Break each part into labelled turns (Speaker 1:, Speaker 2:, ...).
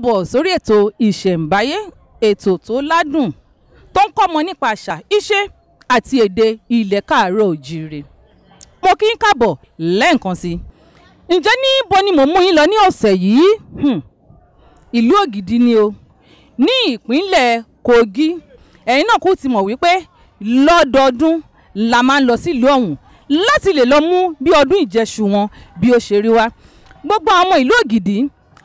Speaker 1: káàbọ̀ sórí ètò ìṣẹ̀ǹbáyé ètò tó ládùn tó ń kọ́mọ nípa àṣà ìṣe àti èdè ilẹ̀ káàárọ̀ òjíire mo kí ń káàbọ̀ lẹ́ẹ̀kan sí i ǹjẹ́ níbo ni mò mú yín lọ ní ọ̀sẹ̀ yìí hmm. ìlú Ògìdì ni o ní ìpínlẹ̀ Kogi ẹ̀yin náà kò ti mọ̀ wípé lọ́dọọdún la máa ń lọ sílùú ọ̀hún láti lè lọ mú bí ọdún ìjẹsù wọn bí ó ṣe rí wá gbogbo àwọn ìlú Ògìdì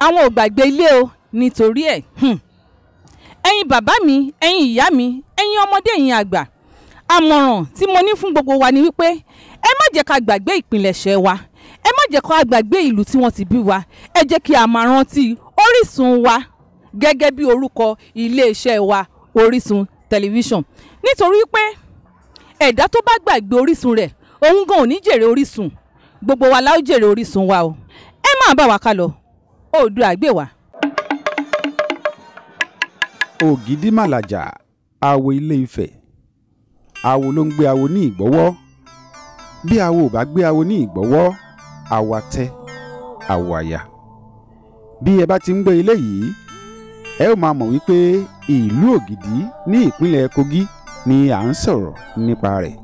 Speaker 1: àwọn ò gbàgbé ilé o nítorí ẹ̀ hmm. ẹ̀yin bàbá mi ẹ̀yin ìyá mi ẹ̀yin ọmọdé ẹ̀yin àgbà àmọ̀ràn tí mo ní fún gbogbo wa ni wípé ẹ má jẹ́ ká gbàgbé ìpilẹ̀ṣẹ̀ wa ẹ má jẹ́ ká gbàgbé ìlú tí wọ́n ti bí wa ẹ jẹ́ kí a máa rántí orísun wa gẹ́gẹ́ bí orúkọ iléeṣẹ́ wa orísun tẹlifíṣàn nítorí pé ẹ̀dá tó bá gbàgbé orísun rẹ̀ òun gan ò ní jèrè orísun gbogbo wa la jèrè orísun wa o ẹ má bá wa ká lọ Oòduà gbè wá
Speaker 2: ògìdìmàlàjà awo ilé ifẹ̀ awo ló ń gbé awo ní ìgbọ́wọ́ bí awo ò bá gbé awo ní ìgbọ́wọ́ awo atẹ́ awo àyà bí ẹ bá ti ń gbé ilé yìí ẹ ó máa mọ̀ wípé ìlú ògìdì ní ìpínlẹ̀ kogi ni à ń sọ̀rọ̀ nípa rẹ̀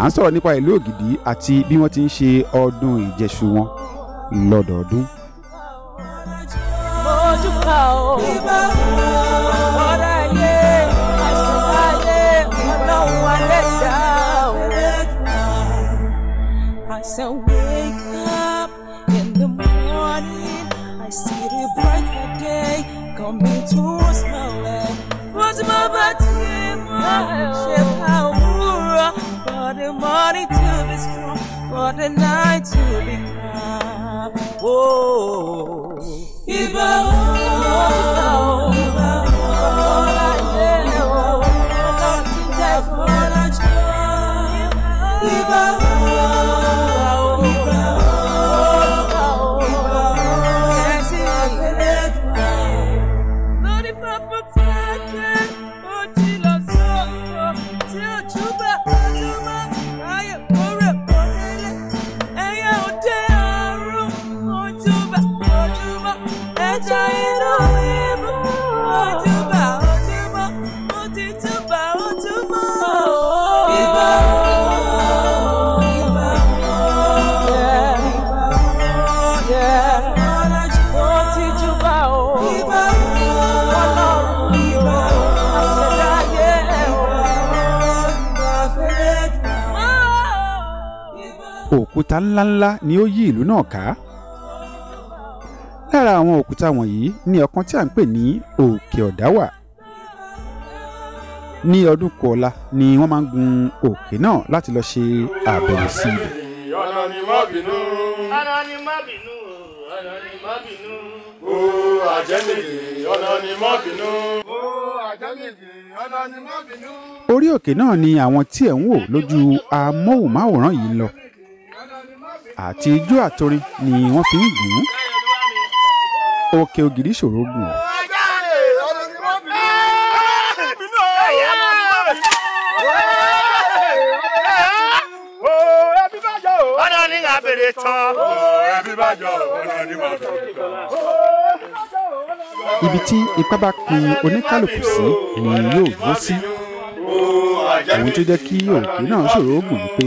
Speaker 2: à ń sọ̀rọ̀ nípa ìlú ògìdì àti bí wọ́n ti ń ṣe ọdún ìjẹṣu wọn lọ́dọọdún.
Speaker 3: I I wake up in the morning, I see the brighter day coming towards my What's my battle? For the to be strong, for the night to be calm. Oh. Viva
Speaker 2: òkúta ńláńlá ni ó yí ìlú náà ká lára àwọn òkúta wọ̀nyí ni ọ̀kan tí a ń pè ní òkè ọ̀dá ní ọdún kọ̀ọ̀la ni wọ́n máa ń gun òkè náà láti lọ ṣe àbẹ̀wò sí ibẹ̀.
Speaker 3: ọ̀nà ni má bínú. ọ̀nà ni má bínú. ọ̀nà ni má bínú. o àjẹmìlì ọ̀nà ni má bínú. o àjẹmìlì ọ̀nà
Speaker 2: ni má bínú. orí òkè náà ni àwọn tí ẹ̀ ń wò lójú amóhùnmáwòrán yìí lọ àti ijó àtorin ni wọ́n fi ń gùn ún òkè ògiri ṣòro gùn ọ́.
Speaker 3: ọ̀nà ni a bèrè tán. ẹbí bá jọ
Speaker 2: ibi tí ipá bá pin oníkálukú sí ni yóò dúró sí ohun tó jẹ́ kí òkè náà ṣòro gùn pé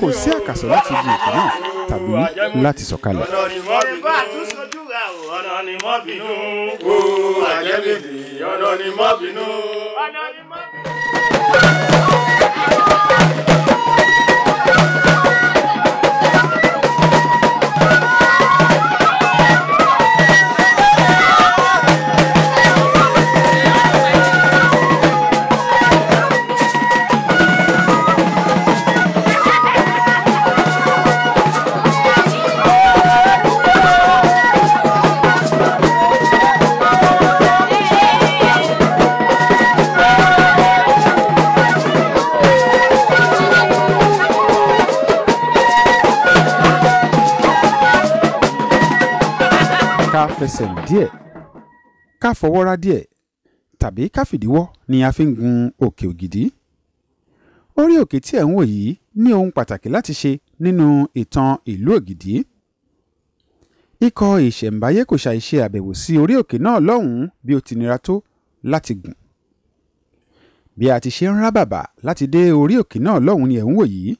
Speaker 2: kò sí àkàsọ̀ láti ibi òkè tàbí láti sọ̀kalẹ̀. ọ̀nà ni mọ́ bínú
Speaker 3: ọ̀nà ni mọ́ bínú ọ̀nà ni mọ́ bínú.
Speaker 2: fẹsẹ̀ díẹ̀ ká fọwọ́ra díẹ̀ tàbí ká fìdíwọ́ ni a fi ń gun òkè ògidì orí òkè tí ẹ̀ ń wò yìí ní ohun pàtàkì láti ṣe nínú ìtàn ìlú ògidì ikọ̀ ìṣẹ̀ǹbáyé kò ṣàì ṣe àbẹ̀wò sí orí òkè náà lọ́hùn-ún bí ó ti nira tó láti gùn bí a ti ṣe ń rábàbà láti dé orí òkè náà lọ́hùn-ún ni ẹ̀ ń wò yìí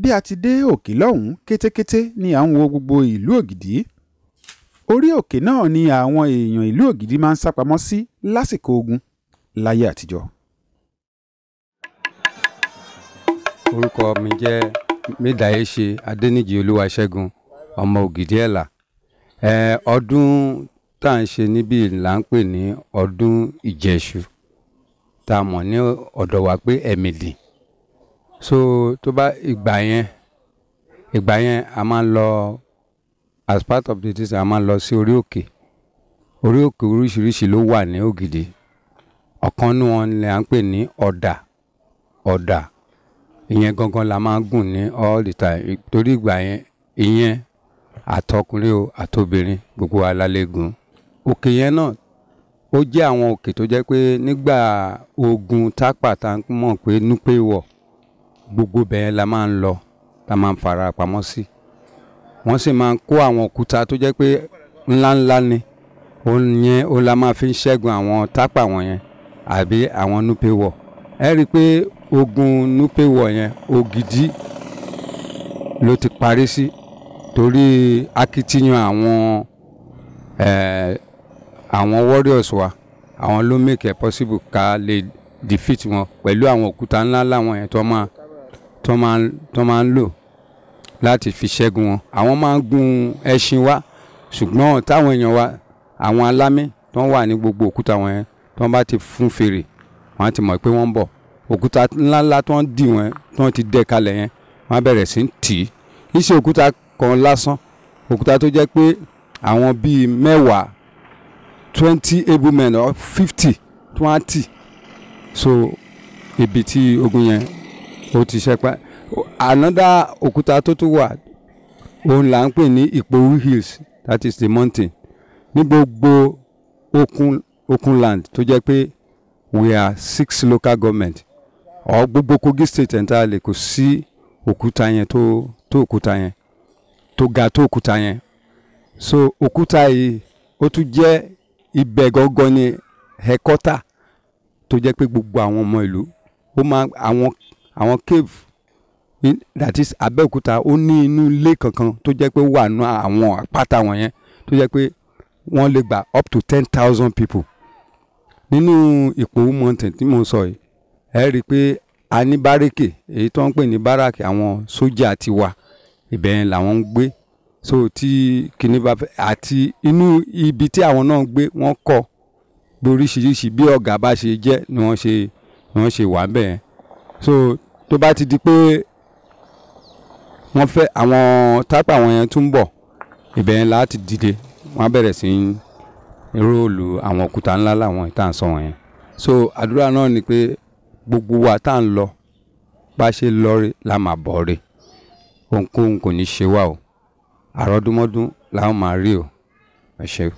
Speaker 2: bí a ti dé òkè lọ́hùn-ún kétékété ni à ń wo gbogbo ìlú ògidì orí òkè náà ni àwọn èèyàn ìlú ògidì máa ń sápamọ́ sí lásìkò ogun láyé àtijọ́.
Speaker 4: orúkọ mi jẹ́ mídàáyéṣe adẹ́nìjì olúwaṣẹ́gun ọmọ ògidì ẹ̀là ọdún tá à ń ṣe níbí là ń pè ní ọdún ìjẹṣu tá a mọ̀ ní ọ̀dọ̀ wa pé ẹ̀mìlì so tó bá ìgbà yẹn ìgbà yẹn a máa ń lọ as part of the this a máa lọ sí orí òkè orí òkè oríṣiríṣi ló wà ní ògidì ọ̀kan nínú wọn ni à ń pè ní ọ̀dà ọ̀dà ìyẹn gangan la máa ń gùn ní all the time torí ìgbà yẹn ìyẹn àtọkùnrin o àtobìnrin gbogbo wa la lè gùn òkè yẹn náà ó jẹ́ àwọn òkè tó jẹ́ pé nígbà ogun tápà tá mọ̀ pé núpé wọ̀ gbogbo bẹ́ẹ̀ la máa ń lọ tá máa ń fara pamọ́ sí. Si wọ́n sì máa ń kó àwọn òkúta tó jẹ́ pé ńláńlá ni òun yẹn òun la máa fi ń ṣẹ́gun àwọn tápà wọn yẹn àbí àwọn núpéwọ̀ ẹ rí i pé ogun núpéwọ̀ yẹn ògidì ló ti parí sí torí akitiyan àwọn eh, àwọn warriors wa àwọn ló make it possible ká lè defeat wọn pẹ̀lú àwọn òkúta ńláńlá wọn yẹn tó máa tó máa ń lò láti fi ṣẹ́gun wọn àwọn máa ń gun ẹṣin wá ṣùgbọ́n táwọn èèyàn wa àwọn alámì tó ń wà ní gbogbo òkúta wọn yẹn tó ń bá ti fún fèrè wọn á ti mọ̀ pé wọ́n ń bọ̀ òkúta ńláńlá tó ń dì wọn tó ń ti dẹ́ kalẹ̀ yẹn wọ́n á bẹ̀rẹ̀ sí ń tì í kì òkúta kan lásán òkúta tó jẹ́ pé àwọn bíi mẹ́wàá twenty able men or fifty twenty so ibi tí ogun yẹn ó ti ṣẹ́pẹ́ another òkúta tó tún wà òun là ń pè ní ìpòwú hills that is the mountain ní gbogbo okun okun land tó jẹ́ pé we are six local government or gbogbo Kogi state entirely kò sí òkúta yẹn tó tó òkúta yẹn tó ga tó òkúta yẹn so òkúta yìí ó tún jẹ́ ibẹ̀ gangan ni headquarter tó jẹ́ pé gbogbo àwọn ọmọ ìlú ó máa àwọn àwọn cave that is Abẹ́òkúta ó ní inú ilé kankan tó jẹ́ pé ó wà nù àwọn àpáta wọ̀nyẹn tó jẹ́ pé wọ́n lè gba up to ten thousand people nínú Ìpòwú mountain tí mo sọ yìí ẹ rí i pé a ní bárẹ́kè èyí tó ń pè ní báràkì àwọn sójà ti wà ibẹ̀ yẹn làwọn ń gbé so tí kinní bá fẹ́ àti inú ibi tí àwọn náà ń gbé wọ́n kọ́ boríṣiríṣi bí ọ̀gá bá ṣe jẹ́ ni wọ́n ṣe ni wọ́n ṣe wà ń bẹ̀ yẹn so tó bá ti di pé wọ́n fẹ́ àwọn tápà àwọn yẹn tún bọ̀ ibẹ̀ yẹn láti dìde wọ́n á bẹ̀rẹ̀ sí róòlù àwọn òkúta ńlá làwọn ìta ń sọ wọ̀nyẹn so àdúrà náà ni pé gbogbo wa tá à ń lọ bá ṣe lọrí la máa bọ̀ re
Speaker 3: ohunkóhun kò ní ṣe wá o àrọ́dúnmọ́dún làwọn máa rí o ẹ ṣe.